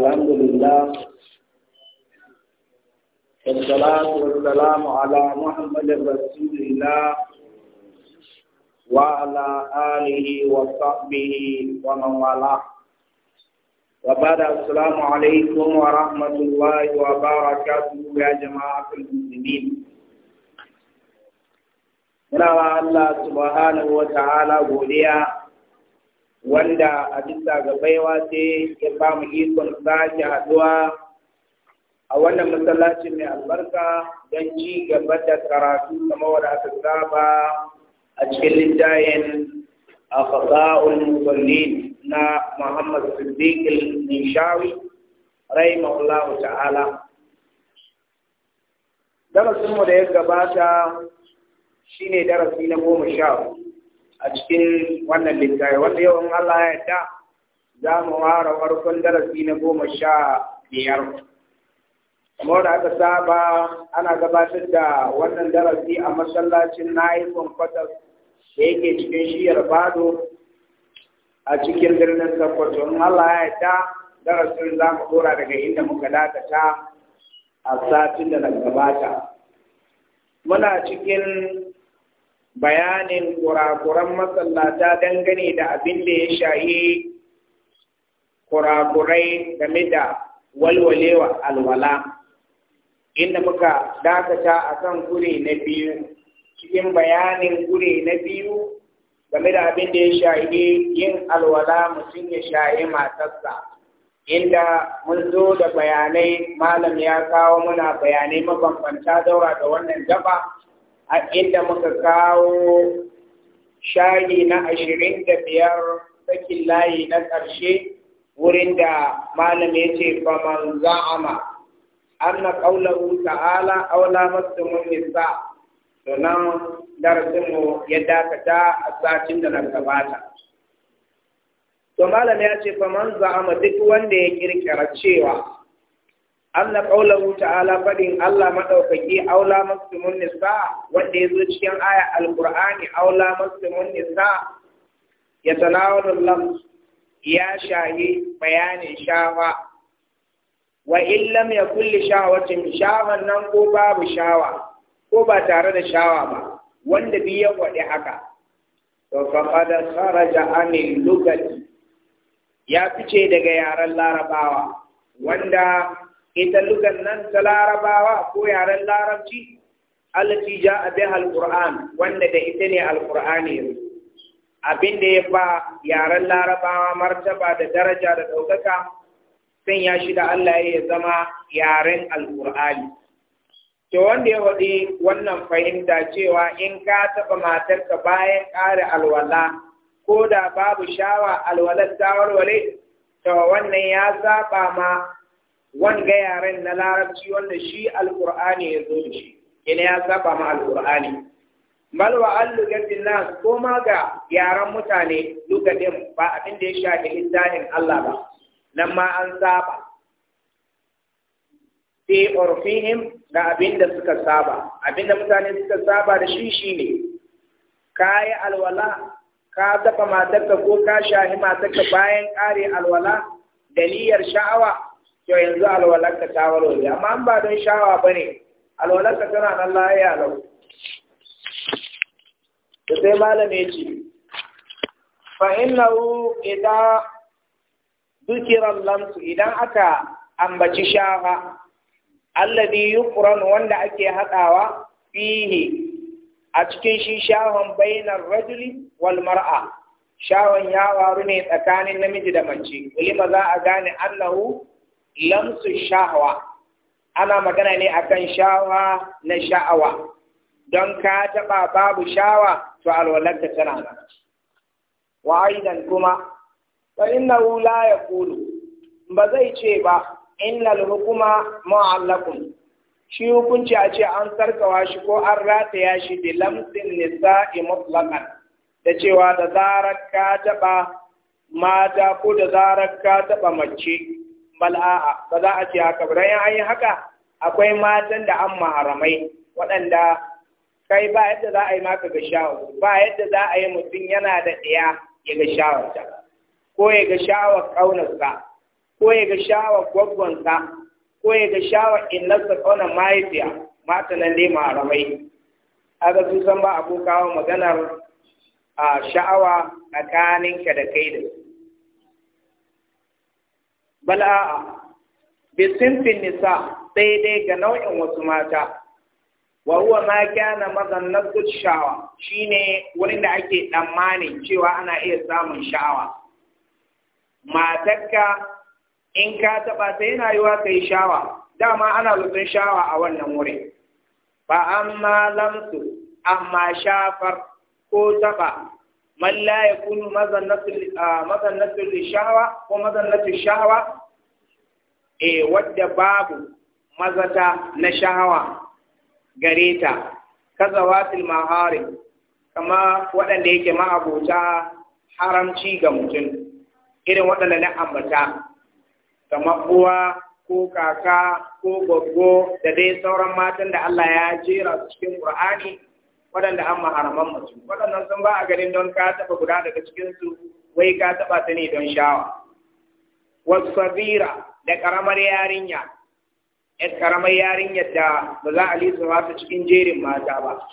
الحمد لله والصلاة والسلام على محمد رسول الله وعلى آله وصحبه ومن والاه وبعد السلام عليكم ورحمة الله وبركاته يا جماعة المسلمين من الله سبحانه وتعالى wa wanda a bisa ga baiwa sai ya ba mu ikon sake haɗuwa a wannan masallaci mai albarka don ci gaba da karatu kamar wanda aka saba a cikin littayin a fasa'ul musallin na Muhammad Siddiq nishawi rai rahimahullahu ta'ala darasinmu da ya gabata shine darasi na goma sha a cikin wannan littafi wanda yau in Allah ya yarda za mu ware farkon darasi na goma sha biyar kamar da aka saba ana gabatar da wannan darasi a masallacin naifin Kwatar da yake cikin shiyar bado a cikin birnin sokoto in Allah ya yarda darasin za mu dora daga inda muka dakata a satin da na gabata muna cikin bayanin kurakuran masallata dangane da abin da ya shahi kurakurai game da walwalewa alwala inda muka dakata akan gure na biyu cikin bayanin gure na biyu game da abin da ya shahi yin alwala mutum ya shahi matarsa inda mun zo da bayanai malam ya kawo muna bayanai mabambanta daura da wannan gaba a inda muka kawo shayi na ashirin da biyar sakin layi na ƙarshe wurin da malam ya ce faman za'ama anna qawluhu ta'ala awla mastumun nisa to nan darasin mu ya dakata a satin da na gabata to malam ya ce faman za'ama duk wanda ya kirkira cewa anna qawluhu ta'ala Faɗin Allah maɗaukaki aula muslimun nisa wanda yazo cikin aya ƙurani aula muslimun nisa ya tanawul lam ya shahi bayanin shawa wa in ya kulle shawatin shawan nan ko babu shawa ko ba tare da shawa ba wanda bi ya haka to da kharaja anil lugati ya fice daga yaren larabawa wanda ita lukan nan ta larabawa ko yaren larabci allati a biha alquran wanda da ita ne yanzu abin da ya ba yaren larabawa martaba da daraja da ɗaukaka sun ya shi da Allah ya zama yaren Alƙur'ani. to wanda ya waɗi wannan fahimta cewa in ka taɓa matarka bayan ƙare alwala ko da babu shawa alwalar ta warware to wannan ya saba ma wanga yaren na larabci wanda shi alkur'ani ya zo shi kina ya saba ma alkur'ani bal wa allugatin nas ko ma ga yaren mutane lugadin ba abin da ya shafi littafin Allah ba nan ma an saba fi urfihim ga abin da suka saba abin da mutane suka saba da shi shine kayi alwala ka dafa matarka ko ka shahi matarka bayan kare alwala da niyyar sha'awa kyau yanzu alwalarka ta warware amma an ba don shawa ba ne alwalarka tana nan a lau da sai malame ce fa innahu idan dukiran lamsu idan aka ambaci shawa, shafa yi yuqran wanda ake haɗawa fihe a cikin shi shawon bainar rajuli wal mar'a shawon ya waru ne tsakanin namiji da mace kulima za a gane Allah'u? lamsu shahwa ana magana ne akan shawa na sha'awa don ka taɓa babu shawa to alwalarka tana nan wa aidan kuma fa innahu la yaqulu ba zai ce ba innal hukuma mu'allakum shi hukunci a ce an sarkawa shi ko an rataya shi bi lamsin nisa'i mutlaqan da cewa da zarar ka taɓa mata ko da zarar ka taɓa mace bal ba za a ce haka ba dan an yi haka akwai matan da an maharamai waɗanda kai ba yadda za a yi maka ga sha'awar ba yadda za a yi mutum yana da ɗaya ya ga ta ko ya ga sha'awar ƙaunarsa ko ya ga sha'awar gwaggonsa ko ya ga sha'awar innarsa ƙaunar mahaifiya mata nan dai maharamai ga su san ba a kawo maganar sha'awa tsakaninka da kai da su Bala'a, a'a bi sinfin nisa daidai ga nau'in wasu mata wa huwa ma kana shawa shine wurin da ake tsammani cewa ana iya samun sha'awa matakka in ka taɓa sai yana yiwa kai shawa dama ana lutsin shawa a wannan wurin ba amma lamsu amma shafar ko taba man la yakunu mazannatul shahawa ko mazannatul shahawa e wadda babu mazata na shahawa gare ta kazawatil maharim kama waɗanda yake ma'abota haramci ga mutum irin waɗanda na ambata kama mabuwa ko kaka ko gwaggo da dai sauran matan da Allah ya jera su cikin ƙur'ani. waɗanda an maharaman mutum waɗannan sun ba a ganin don ka taɓa guda daga cikinsu wai ka taɓa ta ne don shawa wasu sabira da ƙaramar yarinya ƴar ƙaramar yarinyar da ba za a lisa masu cikin jerin mata ba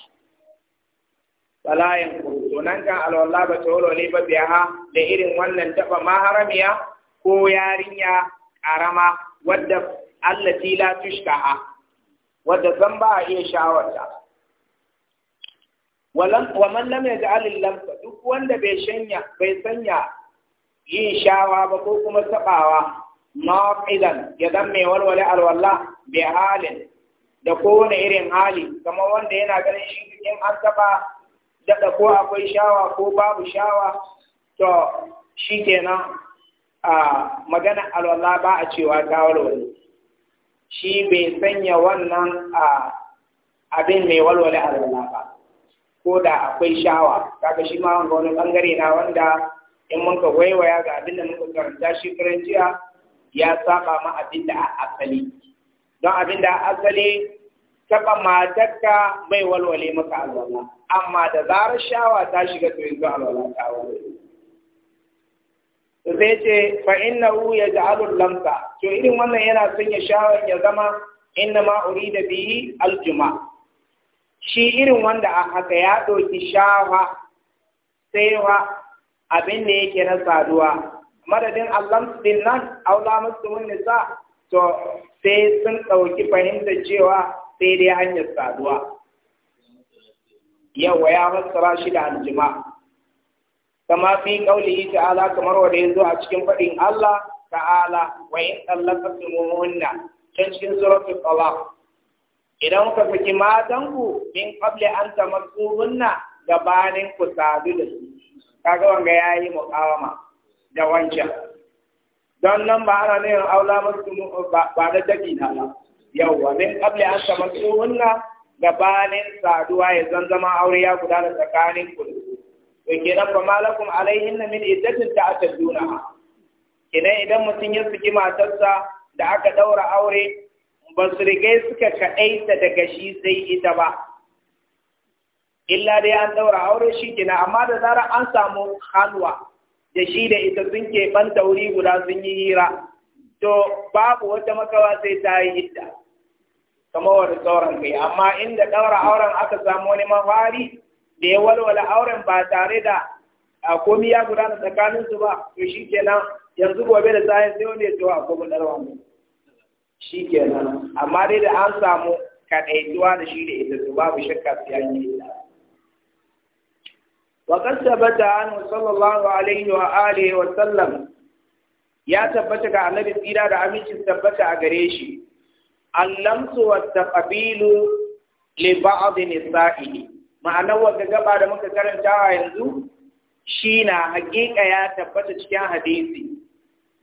balayan kurto nan kan alwala ba ta ne ba biya da irin wannan taɓa maharamiya ko yarinya ƙarama wadda Allah tila tushka wadda zan ba a iya shawarta wa man lam yaj'al al-lamsa duk wanda bai shanya bai sanya yin shawa ba ko kuma taɓawa, idan ya dan mai walwala alwala bi halin da kowane irin hali kamar wanda yana ganin shi in an taba da ko akwai shawa ko babu shawa to shikenan a magana alwala ba a cewa ta walwale shi bai sanya wannan abin mai walwale alwala ba ko da akwai shawa kaga shi ma wani bangare na wanda in mun ka waiwaya ga abin da muka karanta shi jiya ya saba ma abin da asali don abin da asali taba matarka bai walwale maka alwala amma da zarar shawa ta shiga to yanzu alwala ta zai ce fa innahu yaj'alu lamsa to irin wannan yana sanya shawar ya zama inna ma urida bihi aljuma shi irin wanda a haka ya ɗauki shawa saiwa abin da yake na saduwa madadin Allah din nan aula mun nisa to sai sun ɗauki fahimta cewa sai dai hanyar saduwa yawa ya fassara shi da aljima kama fi qaulihi ta'ala kamar wanda ya zo a cikin faɗin Allah ta'ala wa in tallaqtumuhunna can cikin suratul talaq idan ka saki matanku min kable an tamassuhunna gabanin ku sadu da su kaga wanga ya yi mukawama da wancan don nan ba ana ne aula masu ba da daki na ba yawwa min kable an tamassuhunna gabanin saduwa ya zan zama aure ya guda da tsakanin ku to kenan fa malakum na min iddatin ta'tadunaha kenan idan mutum ya saki matarsa da aka daura aure ba su rigai suka kaɗaita daga shi sai ita ba illa dai an daura aure shi kina amma da zarar an samu halwa da shi da ita sun keɓan wuri guda sun yi hira to babu wata makawa sai ta yi hidda kamar wani sauran kai amma inda ɗaura auren aka samu wani mafari da ya walwala auren ba tare da komi ya gudana tsakaninsu ba to shi kenan yanzu gobe da sayan sai wani ya ce wa akwai ɗarwa mu shi kenan amma dai da an samu kaɗaituwa da shi da ita to babu shakka su an ita wa qad thabata anhu sallallahu alaihi wa alihi wa sallam ya tabbata ga annabi tsira da amincin tabbata a gare shi allamsu wa taqbilu li ba'd nisa'ili ma'anar wanda gaba da muka karantawa yanzu shi na haƙiƙa ya tabbata cikin hadisi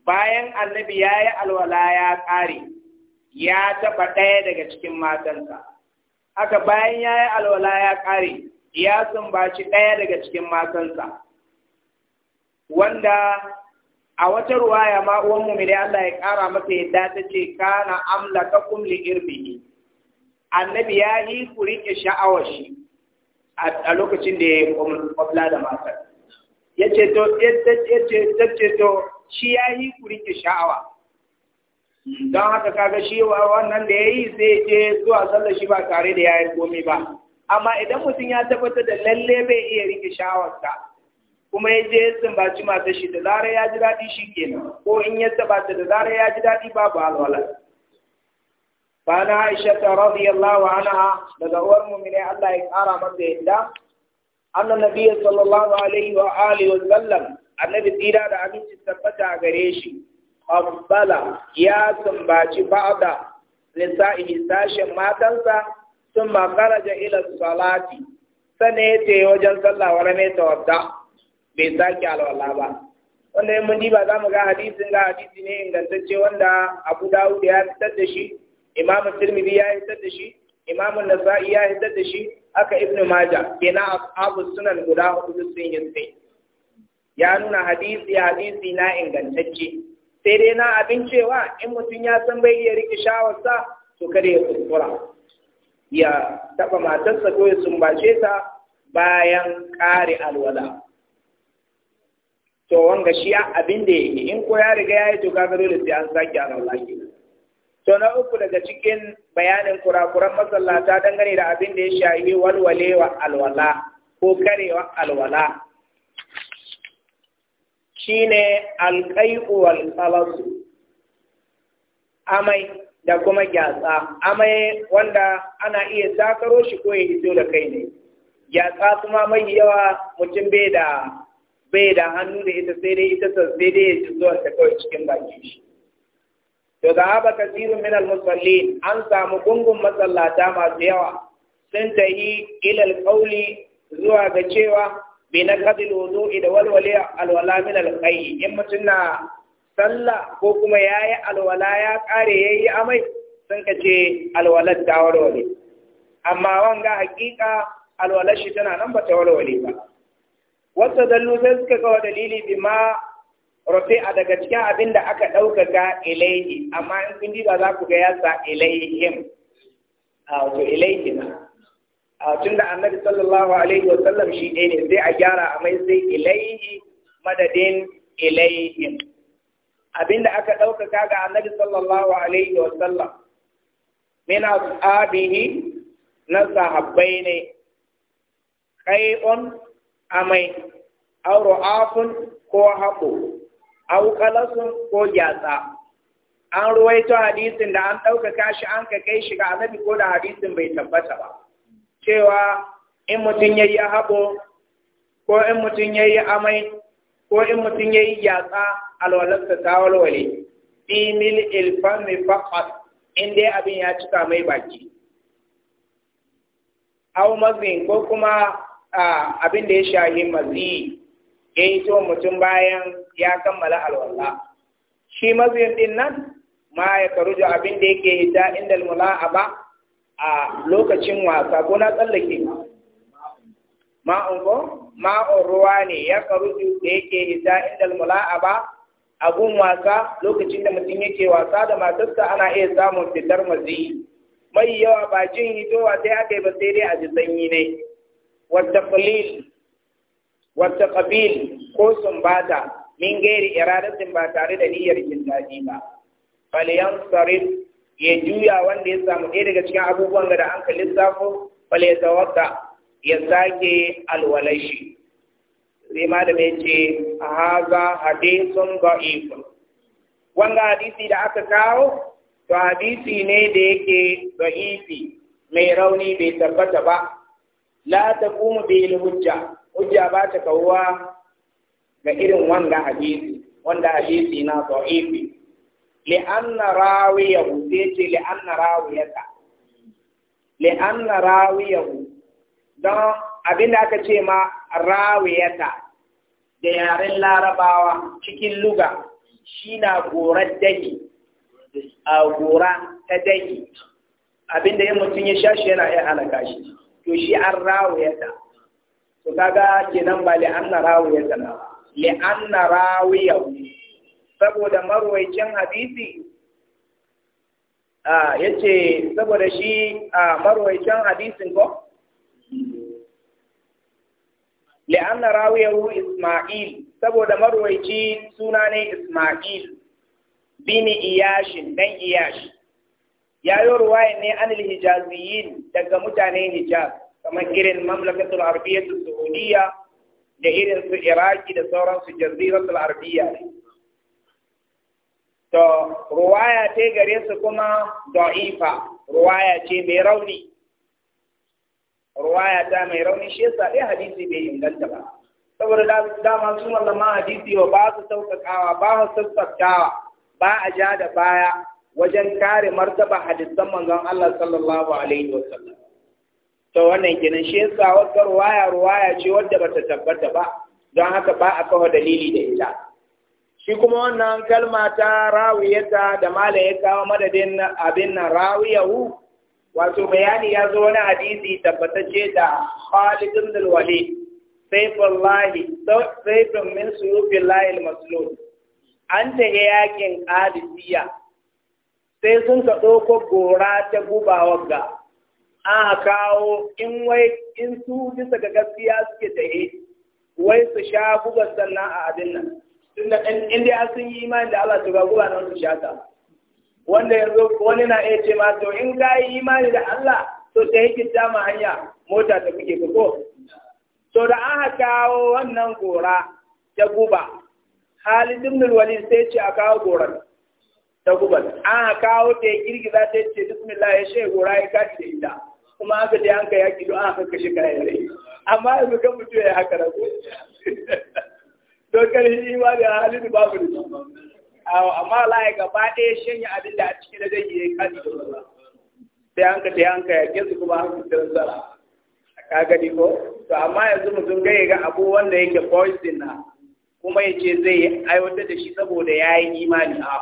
bayan annabi ya yi alwala ya ƙare. ya taɓa ɗaya daga cikin matansa haka bayan ya yi alwala ya ƙare ya sumbaci ɗaya daga cikin matansa wanda a wata ruwaya ma uwan mu Allah ya ƙara masa yadda ta ce kana amlaka kum li irbihi annabi ya yi ku rike sha'awar shi a lokacin da ya yi kwabla da matar ya ce to shi ya yi ku rike sha'awa don haka kaga shi wa wannan da yayi yi sai je zuwa sallar shi ba tare da yayin komai ba amma idan mutum ya tabbata da lalle bai iya rike shawarta kuma ya je ya sumbaci matar shi da zarar ya ji daɗi shi kenan ko in ya tabbata da zarar ya ji daɗi babu alwala bana aisha ta radiyallahu anha daga uwar mu'mini Allah ya kara masa yadda anna nabiyyu sallallahu alaihi wa alihi wa sallam annabi tira da abinci tabbata a gare shi ambala ya sumbaci ba'da nisa'ihi sashen matansa sun makaraja ila salati sane ya ce wajen sallah wa rame tawadda bai sake alwala ba wanda yin mun ba za mu ga hadisin ga hadisi ne ingantacce wanda abu dawud ya fitar da shi imam tirmidhi ya fitar da shi imam nasa'i ya fitar da shi haka ibnu majah kenan abu sunan guda hudu yin sai. ya nuna hadisi hadisi na ingantacce sai dai na abin cewa in mutum ya san bai iya riƙe shawarsa to kada ya kuskura ya taɓa matarsa ko ya sumbace ta bayan ƙare alwala to wanga shi abin da yake in ko ya riga ya yi to kaga dole sai an sake alwala ke To na uku daga cikin bayanin kurakuran masallata dangane da abin da ya shahi walwalewa alwala ko karewa alwala shine alƙai'u wal amai da kuma gyatsa amai wanda ana iya sakaro shi ko ya hito da kai ne gyatsa kuma mai yawa mutum bai da bai da hannu da ita sai dai ita sai dai ya zuwa ta kawai cikin baki shi to da haba kasiru min al an samu gungun masallata masu yawa sun tahi ilal ƙauli zuwa ga cewa bi na kadil wudu'i da walwale alwala min alqayyi in mutum na sallah ko kuma yayi alwala ya kare yayi amai sun ka ce alwalar ta walwale. amma wanga hakika alwalar shi tana nan ba ta walwale ba wata dallu sai suka kawo dalili bi ma rufe a daga cikin abin da aka ɗaukaka ilaihi amma in kun diba za ku ga yasa sa ilaihim a ah, wato ilaihim a tunda annabi sallallahu alaihi wa sallam shi ɗaya ne sai a gyara a mai sai ilaihi madadin Abin abinda aka ka ga annabi sallallahu alaihi wa sallam min ashabihi na sahabbai ne qai'un amai aw ru'afun ko haƙo aw qalasun ko gyatsa an ruwaito hadisin da an ɗauka kashi an ka kai shi ga annabi ko da hadisin bai tabbata ba cewa in mutum ya yi haɓo ko in mutum ya yi amai ko in mutum ya yi yatsa alwalarsa ta walwale fi mil ilfan mai faƙas in dai abin ya cika mai baki au mazin ko kuma abin da ya shahi mazi ya yi to mutum bayan ya kammala alwala shi mazin din nan ma ya karu abin da yake hita inda ba. a lokacin wasa ko na tsallake Ma ko ma ruwa ne ya karuju da yake hita inda mula'aba abun wasa lokacin da mutum yake wasa da matarsa ana iya samun fitar mazi mai yawa ba jin hitowa sai aka yi ba sai dai a ji sanyi ne wata qalil wata qabil ko sumbata min gairi iradatin ba tare da niyyar jin daɗi ba falyan sarif ya juya wanda ya samu ɗaya daga cikin abubuwan da an ka lissafo fal ya tawakka ya sake alwalashi sai da mai ce haza hadisun da'ifun wanga hadisi da aka kawo to hadisi ne da yake ifi mai rauni bai tabbata ba la bai yi hujja hujja ba ta kawuwa ga irin wanga hadisi wanda hadisi na ifi li'anna rawiyahu sai ce na li'anna rawiyata li'anna rawiyahu don abin da aka ce ma rawiyata da yaren larabawa cikin luga shi na gora dahi a gora ta dahi abin da ya mutum ya sha shi yana iya halaka shi to shi an rawiyata to kaga nan ba li'anna rawiyata na li'anna rawiyahu saboda marwaicin hadisi a yace saboda shi a marwaicin hadisin ko? li'anna rawiyahu Ismail saboda marwaici suna ne Ismail bini iyashin dan iyash ya yi ruwaya ne an hijaziyin daga mutanen hijaz kamar irin mamlakatul arabiyyatu saudiya da irin su iraki da sauran su jaziratul arabiyya ne to ruwaya ce gare su kuma da'ifa ruwaya ce mai rauni ruwaya ta mai rauni shi yasa dai hadisi bai inganta ba saboda dama su ma hadisi wa ba su sauƙaƙawa ba su sassaftawa ba a ja da baya wajen kare martaba hadisan manzon Allah sallallahu alaihi wa sallam to wannan kenan shi yasa wata ruwaya ruwaya ce wadda bata tabbata ba don haka ba a kawo dalili da ita shi kuma wannan kalma ta rawiyata da mala ya kawo madadin abin nan rawiyahu wato bayani ya zo wani hadisi tabbatacce da Khalid ibn al-Walid sayfullahi sayfun min suyufillahi al-maslul an ta yakin qadisiyya sai sun ka ɗauko gora ta guba ga an kawo in wai in su bisa ga gaskiya suke tahe wai su sha guba sannan a abin nan tunda in sun yi imani da Allah to ga guba nan su shata wanda yanzu wani na iya ce ma to in ga yi imani da Allah to sai yake ma hanya mota ta kuke ka ko to da aka kawo wannan gora ta guba Khalid ibn Walid sai ce a kawo goran ta guba aka kawo ta girgiza ta ce bismillah ya she gora ya kashi da ita kuma aka je an kai yaki don aka kashe kayan rai amma yanzu kan mutum ya haka rago don karin imani a halin da babu da amma Allah gaba ɗaya shanya abin da a cikin da zai yi kadi sai an ka an ka yake su kuma an fitar zara A gani ko to amma yanzu mutum ga ga abu wanda yake poison na kuma ya ce zai aiwatar da shi saboda ya yi imani a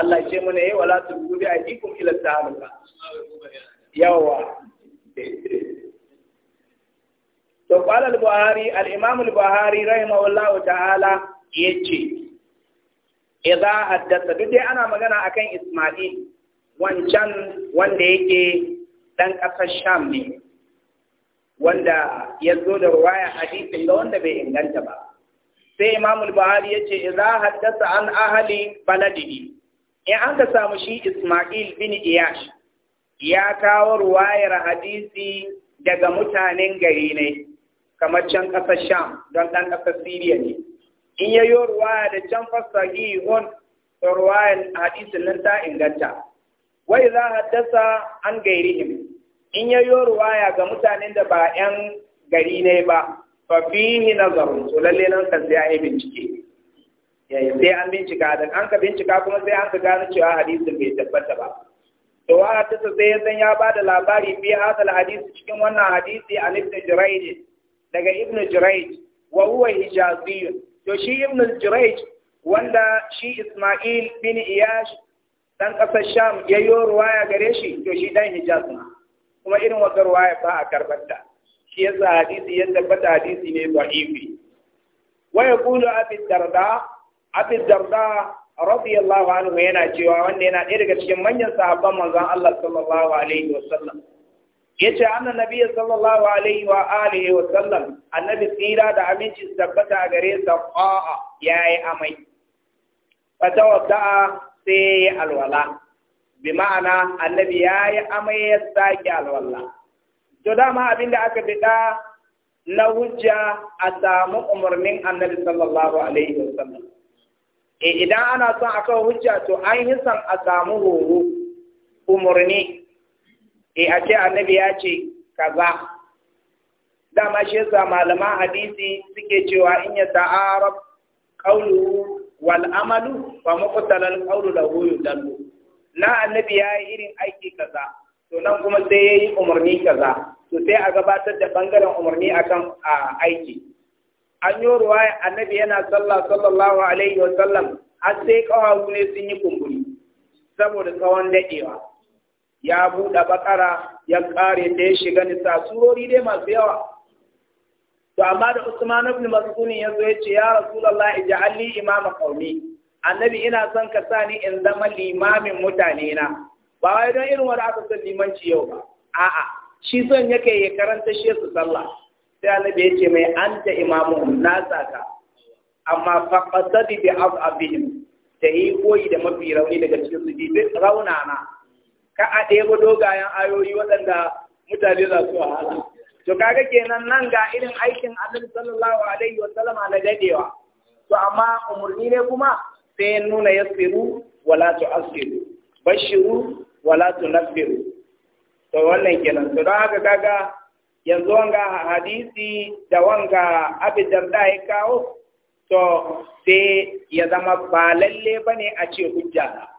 Allah ce mana yi eh, wala tukubi a jikin ilar ta yawa to qala al-buhari al-imam al-buhari rahimahullahu ta'ala yace idza haddatha duk dai ana magana akan isma'il wancan wanda yake dan kasar sham ne wanda ya zo da ruwaya hadisin ga wanda bai inganta ba sai imam al-buhari yace idza haddatha an ahli baladihi in an ka samu shi isma'il bin iyash ya kawo ruwayar hadisi daga mutanen gari ne kamar can ƙasar sham don ɗan ƙasar siriya ne in ya yi ruwaya da can fasa gihon ruwayan hadisin nan ta inganta wai za a haddasa an him in ya yi ruwaya ga mutanen da ba 'yan gari ne ba fa fihi nazarun to lalle nan kan sai ai bincike yayi sai an bincika da an ka bincika kuma sai an ka gano cewa hadisin bai tabbata ba to wa ta sai ya san ya bada labari bi hadal hadisi cikin wannan hadisi an ibn jurayd daga ibn Jurayj wa huwa hijazi to shi ibn Jurayj wanda shi Isma'il bin Iyash dan kasar Sham ya ruwaya gare shi to shi dan Hijaz kuma irin wata ruwaya ba a karbata shi yasa hadisi ya tabbata hadisi ne da'ifi wa yaqulu abi darda abi darda radiyallahu anhu yana cewa wanda yana ɗaya daga cikin manyan sahabban manzon Allah sallallahu alaihi wasallam yace anna nabiy sallallahu alaihi wa alihi wa sallam annabi tsira da aminci tabbata a gare sa qa'a yayi amai tawadda sai alwala bi ma'ana annabi yayi amai ya saki alwala to dama abinda aka bida na hujja a samu umarnin annabi sallallahu alaihi wa sallam eh, idan ana son aka hujja to an yi san a samu horo umarni eh a ce annabi ya ce kaza dama shi yasa malaman hadisi suke cewa in ya ta'arab qawlu wal amalu fa muqtala al qawlu lahu yudallu na annabi ya yi irin aiki kaza to nan kuma sai ya yi umarni kaza to sai a gabatar da bangaren umarni akan aiki an yi ruwaya annabi yana sallah sallallahu alaihi wa sallam har sai kawawu ne sun yi kumburi saboda tsawon daɗewa ya buɗe bakara ya ƙare da ya shiga nisa surori dai masu yawa to amma da Usman ibn Mas'ud ya zo ya ce ya Rasulullah ij'alni imama qaumi annabi ina son ka sa ni in zama limamin mutane na ba wai don irin wani aka san limanci yau ba a'a shi son yake ya karanta shi su sallah sai annabi ya ce mai anta imamu na saka amma da bi azabihim ta yi koyi da mafi rauni daga cikin su bi raunana ka a ɗebo dogayen ayoyi waɗanda mutane za su wahala to kaga kenan nan ga irin aikin annabi sallallahu alaihi wa sallama na dadewa to amma umurni ne kuma sai ya nuna yassiru wala asiru, bashiru wala nafiru. to wannan kenan to don haka kaga yanzu wanga hadisi da wanga abidan da ya kawo to sai ya zama ba lalle bane a ce hujja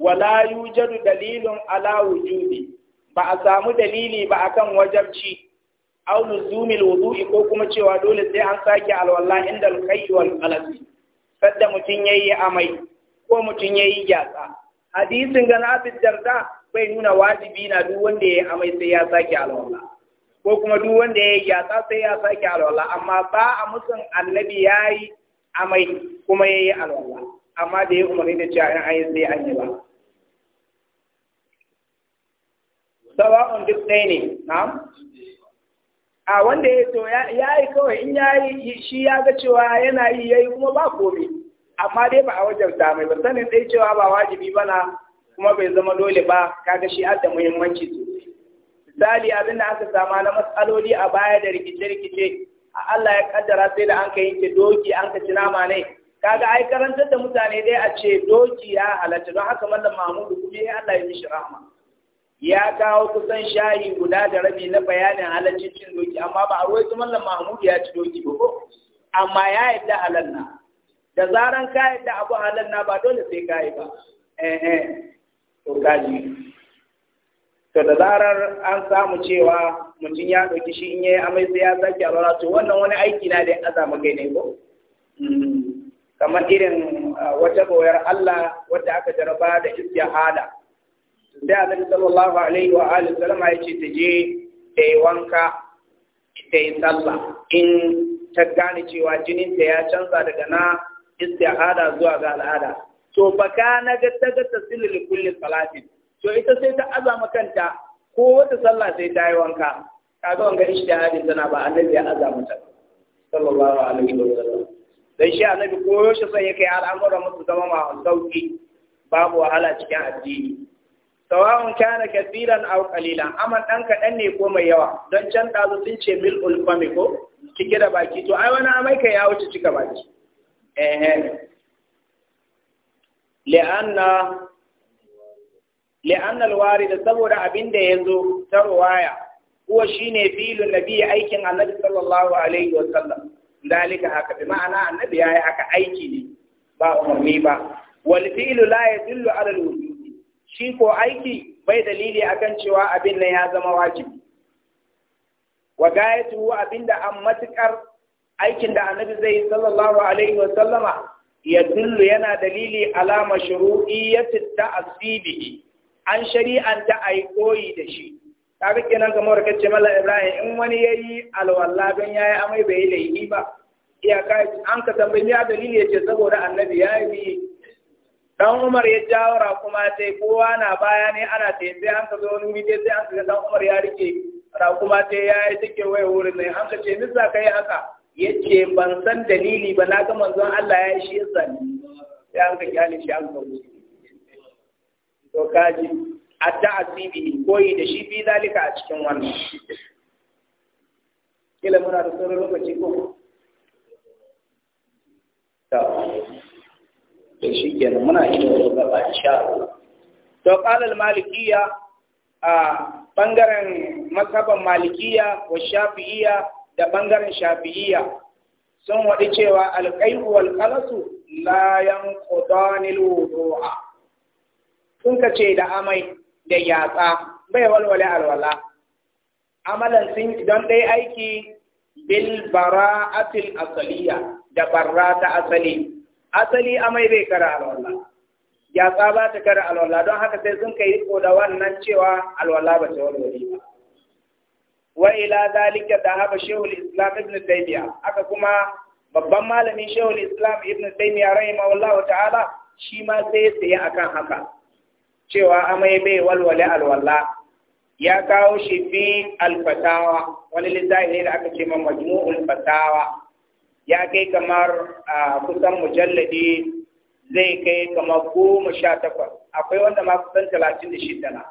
wala yujadu dalilun ala wujudi ba a samu dalili ba akan wajabci aw luzumil wudu'i ko kuma cewa dole sai an sake alwala inda alkai wal qalbi sadda mutun yayi amai ko mutun yayi gyatsa hadisin ga Nabi Darda bai nuna wajibi na duk wanda yayi amai sai ya sake alwala ko kuma duk wanda yayi gyatsa sai ya sake alwala amma ba a musun annabi yayi amai kuma yayi alwala amma da ya umarni da cewa in ayi sai an yi ba sawa'un duk ɗaya ne na'am a wanda ya to ya yi kawai in ya yi shi ya ga cewa yana yi ya yi kuma ba komi amma dai ba a wajen mai ba sanin dai cewa ba wajibi ba na kuma bai zama dole ba kaga shi adda muhimmanci sosai misali abin da aka sama na matsaloli a baya da rikice-rikice a Allah ya kaddara sai da an ka yanke doki an ka ci nama ne kaga ai karantar da mutane dai a ce doki ya halatta don haka mallam Mahmudu kuma ya Allah ya mishi rahama ya kawo kusan shayi guda da rabi na bayanin halaccin cin doki amma ba a su mallam mahmud ya ci doki ba amma ya yadda halal na da zaran ka yadda abu halal na ba dole sai ka yi ba eh eh to kaji to da zarar an samu cewa mutum ya ɗauki shi in yayi amai sai ya sake alwala to wannan wani aiki na da ya azama kai ne ko hmm. kamar irin ah, wata boyar Allah wadda aka jaraba da istihada da annabi sallallahu alaihi wa alihi sallama ya ce ta je ta yi wanka ta yi sallah in ta gane cewa jinin ta ya canza daga na istihada zuwa ga al'ada to baka na ga ta ga tasilil kullum salatin to ita sai ta azama kanta ko wata sallah sai ta yi wanka Ka ga wanga ishtihadin tana ba annabi ya azama ta sallallahu alaihi wa sallam dan shi annabi ko yaushe sai yake al'amuran musu zama ma sauki babu wahala cikin addini sawa'un kana kathiran aw qalilan aman dan kaɗan ne ko mai yawa don can dazu sun ce mil ulfami ko kike da baki to ai wani amai kai ya wuce cika baki eh eh li'anna li'anna alwarid saboda abin da yazo ta ruwaya huwa shine filun nabi aikin annabi sallallahu alaihi wa sallam dalika haka bi ma'ana annabi yayi haka aiki ne ba umarni ba wal fi'lu la yadullu ala al shi ko aiki bai dalili akan cewa abin nan ya zama wajibi wa gayatu abinda an matukar aikin da annabi zai sallallahu alaihi wa sallama ya dullu yana dalili ala mashru'iyyati ta'sibi an shari'anta ai koyi da shi kaga kenan kamar ce mallam Ibrahim in wani yayi alwala don yayi amai bai laifi ba iyaka an ka tambayi ya dalili yace saboda annabi yayi dan Umar ya jawara kuma sai kowa na baya ne ana Sai an ka zo wani dai sai an ka dan Umar ya rike rakuma sai ya yi take waya wurin ne an ka ce ka yi haka yace ban san dalili ba na ga manzon Allah ya yi shi yasa sai an ka kyale shi an ka to kaji adda asibi koyi da shi bi zalika a cikin wannan kila muna da sauran lokaci ko to shi kenan muna yi da wata insha Allah to qala malikiya a bangaren mazhaban malikiya wa shafi'iyya da ɓangaren shafi'iyya sun wadi cewa al qayhu wal qalasu la yanqudanil wudu'a sun ce da amai da yatsa bai walwale alwala amalan sun don dai aiki bil bara'atil asaliya da barra ta asali asali amai bai kara alwala ya ba ta kara alwala don haka sai sun kai ko da wannan cewa alwala ba ta warware ba wa ila zalika da haba shehul islam ibn taymiya haka kuma babban malamin shehul islam ibn taymiya rahimahullah ta'ala shi ma sai tsaye akan haka cewa amai bai walwale alwala ya kawo shi bi alfatawa wani littafi ne da aka ce ma majmu'ul fatawa ya kai kamar a kusan mujalladi zai kai kamar goma sha takwas akwai wanda ma kusan talatin da shida na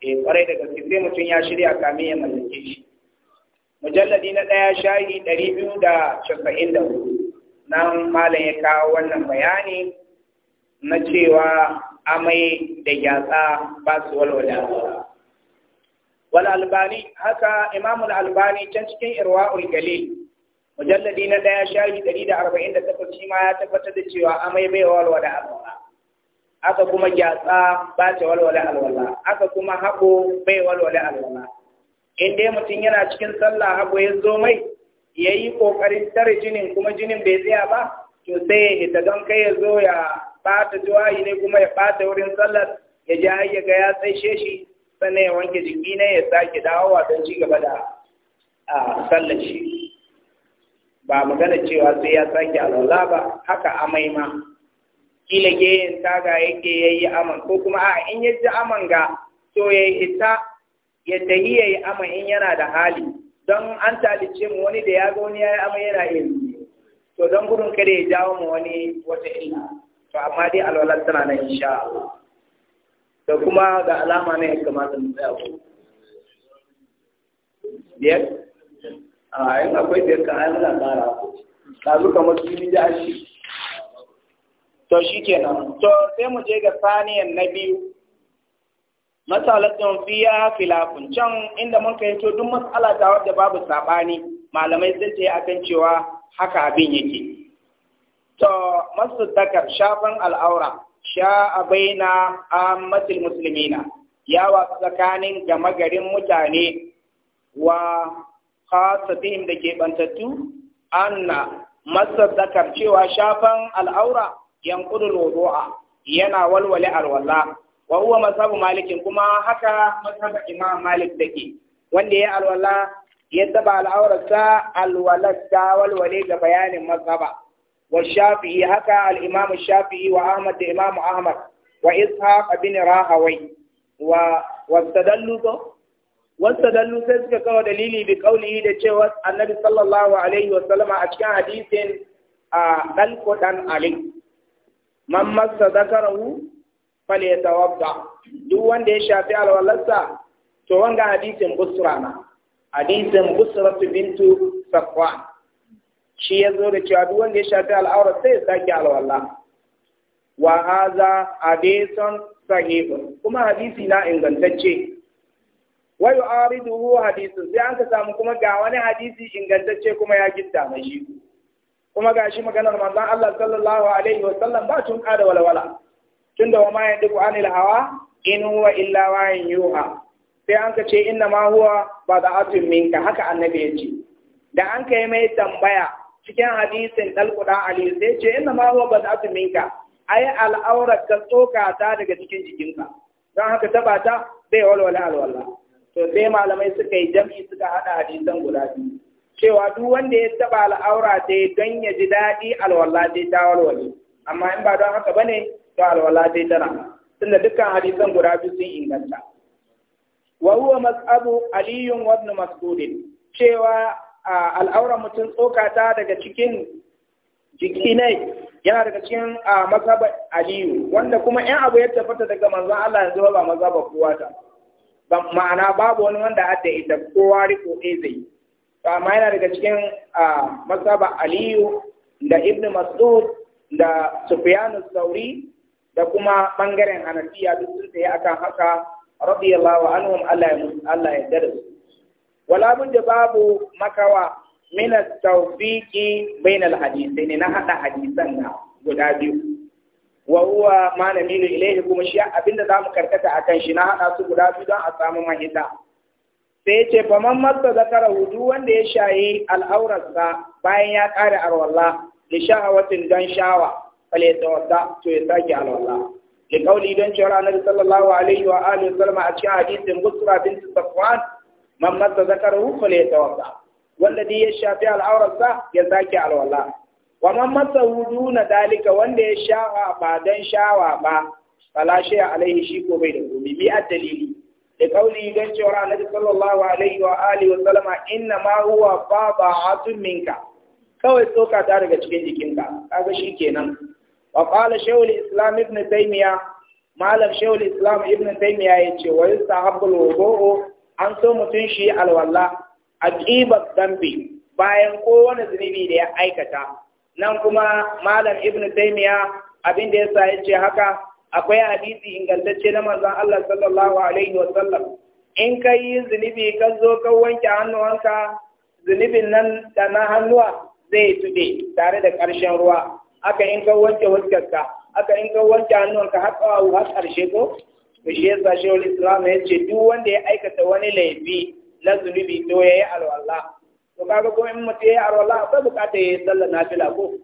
e eh, kwarai da gaske sai mutum ya shirya kamin ya mallake shi mujalladi na ɗaya shayi ɗari biyu da casa'in da hudu nan malam ya kawo wannan bayani na cewa amai da gyatsa ba su walwala wal albani haka imamul albani can cikin irwa'ul galil mujalladi na daya shayi ɗari da arba'in da takwas shi ma ya tabbatar da cewa amai bai walwala alwala aka kuma gyatsa ba ta walwala alwala aka kuma haƙo bai walwala alwala in dai mutum yana cikin sallah haƙo ya zo mai ya yi ƙoƙarin tare jinin kuma jinin bai tsaya ba to sai ya hita don kai ya zo ya ɓata juwayi ne kuma ya ɓata wurin sallar ya ji har ya ga ya tsaishe shi sannan ya wanke jiki ne ya sake dawowa don ci gaba da sallar shi. ba magana cewa sai ya sake alwala ba haka amai ma kila yin taga yake yi aman ko kuma a in yi ji aman ga to ya yi ita ya tahi yi aman in yana da hali don an talice mu wani da ya ga wani yi aman yana yin to don gudun kada ya jawo mu wani wata ina to amma dai alwala tana nan insha Allah da kuma ga alama ne kamata mu tsaya ko. a yin akwai da yanka na zuka masu yi shi to shi kenan to sai mu je ga saniyan na biyu masalatun fiya filafun can inda mun kai to duk matsala ta wadda babu saɓani, malamai sun yi akan cewa haka abin yake to masu takar shafan al'aura a baina ammatil muslimina yawa tsakanin gama garin mutane wa khasa bihim da ke bantattu anna masar zakar cewa shafan al'aura yankudul wudu'a yana walwale alwala wa huwa masabu malikin kuma haka mazhabu imam malik dake wanda ya alwala ya taba al'aurarsa alwalata walwale ga bayanin masaba wa shafi'i haka al-imam shafi'i wa ahmad da imam ahmad wa ishaq bin rahawai wa wastadallu wasu dallu sai suka kawo dalili bi kauli da cewa annabi sallallahu alaihi wa sallama, a cikin hadisin a dan kudan ali man massa zakarahu falyatawabba duk wanda ya shafi alwalarsa to wanga hadisin busra na hadisin busra bintu safwan shi ya zo da cewa duk wanda ya shafi al'aura sai ya sake alwala wa haza a sahih kuma hadisi na ingantacce wa yu'ariduhu hadithun sai an samu kuma ga wani hadisi ingantacce kuma ya gitta mai shi kuma ga shi maganar manzon Allah sallallahu alaihi wa sallam ba tun kada walwala tunda wa ma yadiku anil hawa in huwa illa wahyun yuha sai an ce inna ma huwa ba da min minka haka annabi ya ce da an kai mai tambaya cikin hadisin dalquda ali sai ce inna ma huwa ba da atun minka ai al'aurar ka tsoka ta daga cikin jikinka don haka tabata zai walwala alwala to sai malamai suka yi jam'i suka haɗa hadisan guda biyu cewa duk wanda ya taɓa al'aura yi don ya ji daɗi alwala dai ta walwale amma in ba don haka bane to alwala dai tana tunda dukkan hadisan guda biyu sun inganta wa huwa mas'abu aliyu wa ibn mas'ud cewa al'aura mutum tsokata daga cikin jiki ne yana daga cikin mazhabar aliyu wanda kuma 'yan abu ya tabbata daga manzon Allah yanzu ba mazhabar kowa ta ma'ana babu wani wanda adda ita kowa riko ɗaya zai to amma yana daga cikin a masaba aliyu da ibn mas'ud da sufyan sauri da kuma ɓangaren hanafiya duk sun tsaye akan haka radiyallahu anhu Allah ya Allah ya dare wala bun da babu makawa min at-tawfiqi bainal hadithaini na hada hadisan na guda biyu wa huwa malami ne ilaihi kuma shi abinda zamu karkata a kan shi na haɗa su guda biyu don a samu mahita sai ya ce faman masa zakara hudu wanda ya shayi al'aurarsa bayan ya kare arwalla li shahawatin don shawa fale ta wata to ya sake alwalla li kauli don cewa annabi sallallahu alaihi wa alihi wasallam a cikin hadisin busra bint safwan man masa zakara hudu fale ta wata, wanda ya shafi al'aurarsa ya sake alwalla wa man masahu na dalika wanda ya shawa ba dan shawa ba fala shay alaihi shi ko bai da gumi bi dalili da kauli dan cewa annabi sallallahu alaihi wa alihi wa sallama inna ma huwa babatun minka kawai tsoka ta daga cikin jikinka kaga shikenan wa qala shaykhul islam ibn taymiya malam shaykhul islam ibn taymiya yace wa yustahabbul wudu an so mutun shi alwala aqibat dambi bayan kowane zunubi da ya aikata nan kuma malam ibnu taymiya abin da yasa yace haka akwai hadisi ingantacce na manzon Allah sallallahu alaihi wa sallam in kai zunubi ka zo ka wanke hannuwanka zunubin nan da na hannuwa zai tude tare da ƙarshen ruwa aka in ka wanke huskarka aka in ka wanke hannuwanka har tsawo har karshe ko to shi yasa shehul islam ya ce duk wanda ya aikata wani laifi na zunubi to yayi alwala to kaga ko in mutum ya arwala akwai bukata ya yi sallar nafila ko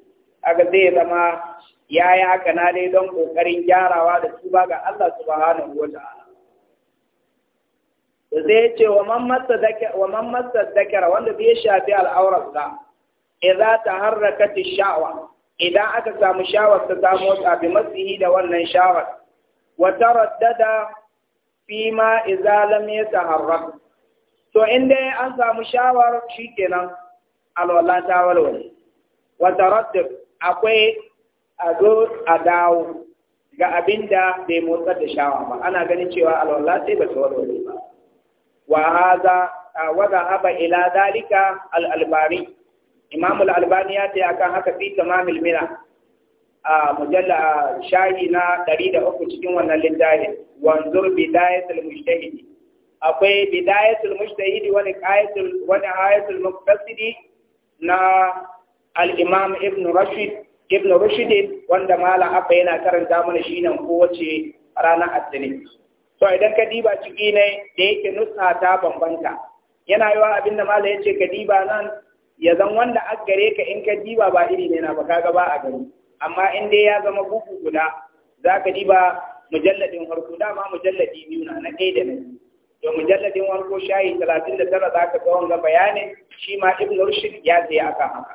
aga zai zama ya yi haka dai don kokarin gyarawa da tuba ga Allah subhanahu wa ta'ala da zai ce wa man masa zakara wanda bai shafi al'aurarsa idza taharrakat ash-sha'wa idan aka samu shawar ta samu bi masihi da wannan shawar wa taraddada fi ma idza lam yataharrak to in dai an samu shawar shikenan alwala ta walwale wata akwai a zo a dawo ga abin da bai motsa da shawa ba ana ganin cewa alwala sai ba su walwale ba wa a wada haba ila dalika al'albari albani imam ya ce akan haka fi tamamil mina a mujalla shahi na 103 cikin wannan littafin wanzur bidayatul mujtahidi akwai bidayatul mujtahidi wa niqayatul wa nihayatul muqtasidi na al-imam ibn rashid ibn rashid wanda malam abba yana karanta mana shi nan ko wace rana addini to idan ka diba ciki ne da yake nusa ta bambanta yana yawa abinda malam yace ka diba nan ya zan wanda aka gare ka in ka diba ba iri ne na ba kaga ba a gari amma in dai ya zama bugu guda zaka diba mujalladin harku. dama mujalladi biyu na na ɗaya da na da mujalladin warko shayi talatin da tara za ka ga wanga bayani shi ma ibn rushd ya tsaye aka haka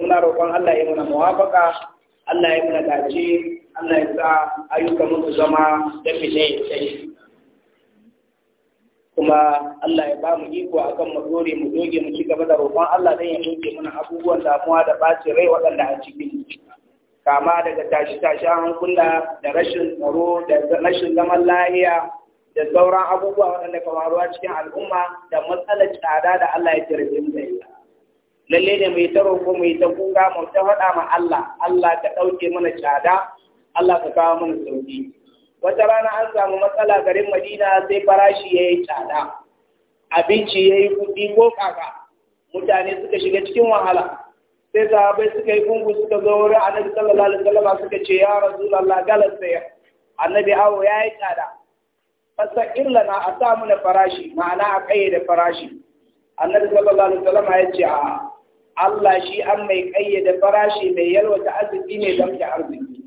muna roƙon Allah ya muna muwafaka Allah ya muna dace Allah ya sa ayyukan mu zama da fice sai kuma Allah ya ba mu iko akan mu dore mu doge mu ci gaba da roƙon Allah dan ya doke muna abubuwan damuwa da ɓaci rai waɗanda a cikin kama daga tashi tashi hankula da rashin tsaro da rashin zaman lahiya da sauran abubuwa waɗanda ka faruwa cikin al'umma da matsalar tsada da Allah ya jirage mu da ita. Lalle ne mai ta roƙo mai ta kuka mu ta faɗa ma Allah, Allah ka ɗauke mana tsada, Allah ka kawo mana sauƙi. Wata rana an samu matsala garin Madina sai farashi ya yi tsada, abinci ya yi kuɗi ko kaka, mutane suka shiga cikin wahala. Sai sahabai suka yi gungu suka zo wurin annabi sallallahu alaihi wasallam suka ce ya rasulullah galas sai annabi awo ya yi tsada. Illa na a sa mana farashi ma'ana a kayyade farashi annabi sallallahu alaihi wasallam ya ce a Allah shi an mai kayyade farashi mai yalwata arziki ne da ta arziki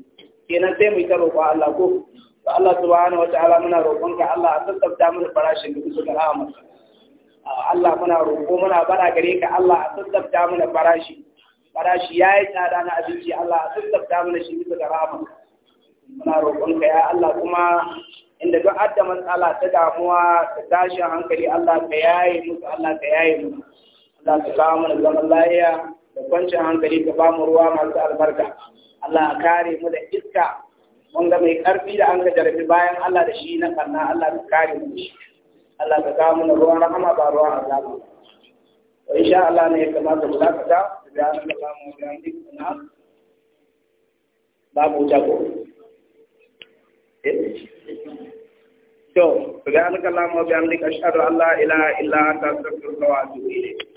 kenan sai mu ta roƙo Allah ko to Allah subhanahu wataala muna ka Allah a sassafta mana farashin da kuka ra'a masa Allah muna roƙo muna bada gare ka Allah a sassafta mana farashi farashi yayi tsada na abinci Allah a sassafta mana shi bisa ga rahama muna ka ya Allah kuma inda duk adda matsala ta damuwa ta tashin hankali Allah ka yaye musu Allah ka yaye musu Allah ka kawo mana zaman lafiya da kwanciyar hankali ka ba mu ruwa masu albarka Allah kare mu da iska mun ga mai karfi da an ka jarabi bayan Allah da shi na karna Allah ka kare mu shi Allah ka kawo mana ruwan rahama ba ruwan azaba wa insha Allah ne ya kamata mu dakata da ya Allah mu da babu jago to subhanaka allahumma wa bihamdika ashhadu an ilaha illa anta astaghfiruka wa atubu ilayk